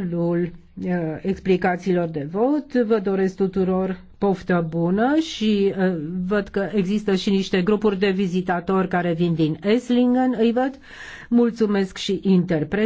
finalul uh, explicațiilor de vot. Vă doresc tuturor poftă bună și uh, văd că există și niște grupuri de vizitatori care vin din Eslingen. Îi văd. Mulțumesc și interpret.